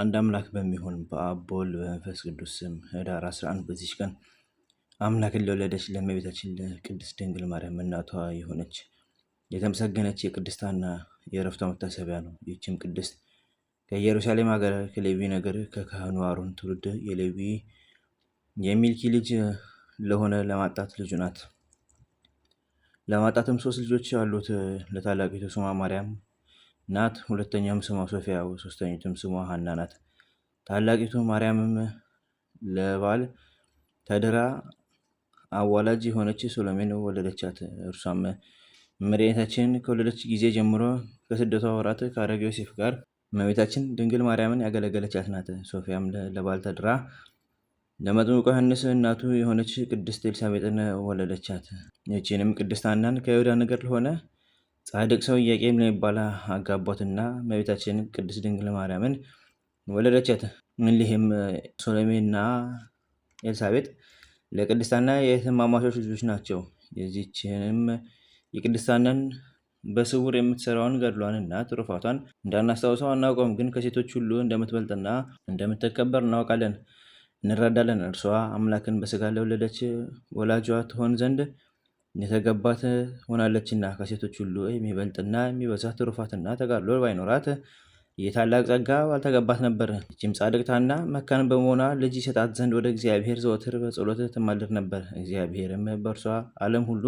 አንድ አምላክ በሚሆን በአብ በወልድ በመንፈስ ቅዱስ ስም ህዳር 11 በዚች ቀን አምላክን ለወለደች ለእመቤታችን ለቅድስት ድንግል ማርያም እናቷ የሆነች የተመሰገነች የቅድስታና የእረፍቷ መታሰቢያ ነው። ይህችም ቅድስት ከኢየሩሳሌም ሀገር ከሌዊ ነገር ከካህኑ አሮን ትውልድ የሌዊ የሚልኪ ልጅ ለሆነ ለማጣት ልጁ ናት። ለማጣትም ሶስት ልጆች ያሉት ለታላቂቱ ሱማ ማርያም ናት። ሁለተኛም ስሟ ሶፊያ፣ ሶስተኛቱም ስሟ ሀና ናት። ታላቂቱ ማርያምም ለባል ተድራ አዋላጅ የሆነች ሶሎሜን ወለደቻት። እርሷም መድኃኒታችን ከወለደች ጊዜ ጀምሮ ከስደቷ ወራት ከአረጋዊ ዮሴፍ ጋር መቤታችን ድንግል ማርያምን ያገለገለቻት ናት። ሶፊያም ለባል ተድራ ለመጥምቁ ዮሐንስ እናቱ የሆነች ቅድስት ኤልሳቤጥን ወለደቻት። ይህችንም ቅድስት ሐናን ከይሁዳ ነገር ለሆነ ጻድቅ ሰው ኢያቄም ለሚባል አጋቧትና እመቤታችንን ቅድስት ድንግል ማርያምን ወለደቻት። እሊህም ሶሎሜና ኤልሳቤጥ ለቅድስታና የእህትማማቾች ልጆች ናቸው። የዚችንም የቅድስታናን በስውር የምትሰራውን ገድሏንና ትሩፋቷን እንዳናስታውሰው አናውቀውም፣ ግን ከሴቶች ሁሉ እንደምትበልጥና እንደምትከበር እናውቃለን፣ እንረዳለን። እርሷ አምላክን በስጋ ለወለደች ወላጇ ትሆን ዘንድ የተገባት ሆናለችና ከሴቶች ሁሉ የሚበልጥና የሚበዛ ትሩፋትና ተጋድሎ ባይኖራት የታላቅ ጸጋ ባልተገባት ነበር። ይህችም ጻድቅታና መካን በመሆኗ ልጅ ይሰጣት ዘንድ ወደ እግዚአብሔር ዘወትር በጸሎት ትማልድ ነበር። እግዚአብሔርም በእርሷ ዓለም ሁሉ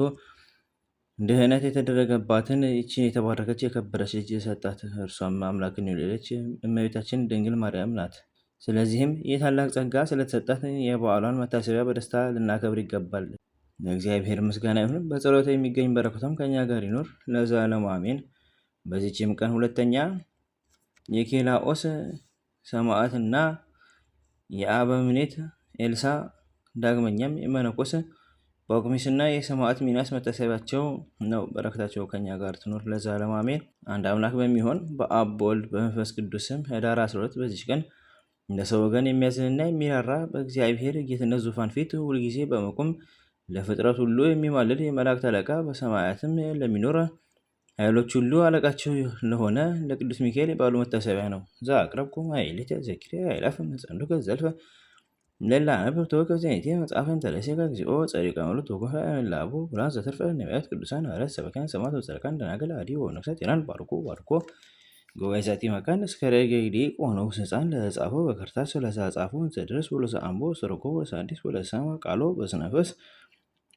ድህነት የተደረገባትን ይችን የተባረከች የከበረች ልጅ ሰጣት። እርሷም አምላክን የወለደች እመቤታችን ድንግል ማርያም ናት። ስለዚህም ይህ ታላቅ ጸጋ ስለተሰጣት የበዓሏን መታሰቢያ በደስታ ልናከብር ይገባል። ለእግዚአብሔር ምስጋና ይሁን። በጸሎት የሚገኝ በረከቱም ከኛ ጋር ይኖር ለዘላለሙ አሜን። በዚችም ቀን ሁለተኛ የኬላኦስ ሰማዕትና የአበምኔት ኤልሳ ዳግመኛም የመነኮስ ጳኩሚስና የሰማዕት ሚናስ መታሰቢያቸው ነው። በረከታቸው ከኛ ጋር ትኖር ለዘላለሙ አሜን። አንድ አምላክ በሚሆን በአብ በወልድ በመንፈስ ቅዱስም ህዳር 12 በዚች ቀን እንደ ሰው ወገን የሚያዝንና የሚራራ በእግዚአብሔር ጌትነት ዙፋን ፊት ሁልጊዜ በመቆም ለፍጥረት ሁሉ የሚማልድ የመላእክት አለቃ በሰማያትም ለሚኖር ኃይሎች ሁሉ አለቃቸው ለሆነ ለቅዱስ ሚካኤል የበዓሉ መታሰቢያ ነው። ዛ አቅረብኩ ኃይልት ዘኪር ኃይላፍ መጻንዱ ከዘልፈ ለላ ነብብ ተወ ከዚይቴ መጽሐፈን ተለሴ ከግዚኦ ጸሪቀ መሉ ተጎፈ ላቡ ብላን ዘተርፈ ነቢያት ቅዱሳን ሐዋርያት ሰበካን ሰማት ጻድቃን ደናገል አዲ ወነፍሳት ይናል ባርኮ ባርኮ ጉባኤ ሰቲ መካን እስከረ ገይዲ ቆኖ ህፃን ለህፃፎ በከርታ ስለሳጻፎ እንዘድረስ ወለሰ አምቦ ስርቆ ወለሳዲስ ወለሰማ ቃሎ በስነፈስ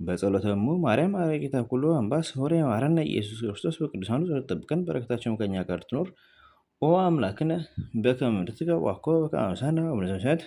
በጸሎተሙ ማርያም አረጌታ ኩሎ አምባስ ሆሬ ማረነ ኢየሱስ ክርስቶስ በቅዱሳኑ ስለጠብቀን በረከታቸው ከኛ ጋር ትኖር ኦ አምላክነ በከመ ምድትከ ዋኮ በከመ አምሳነ ወበነዘ ምሳት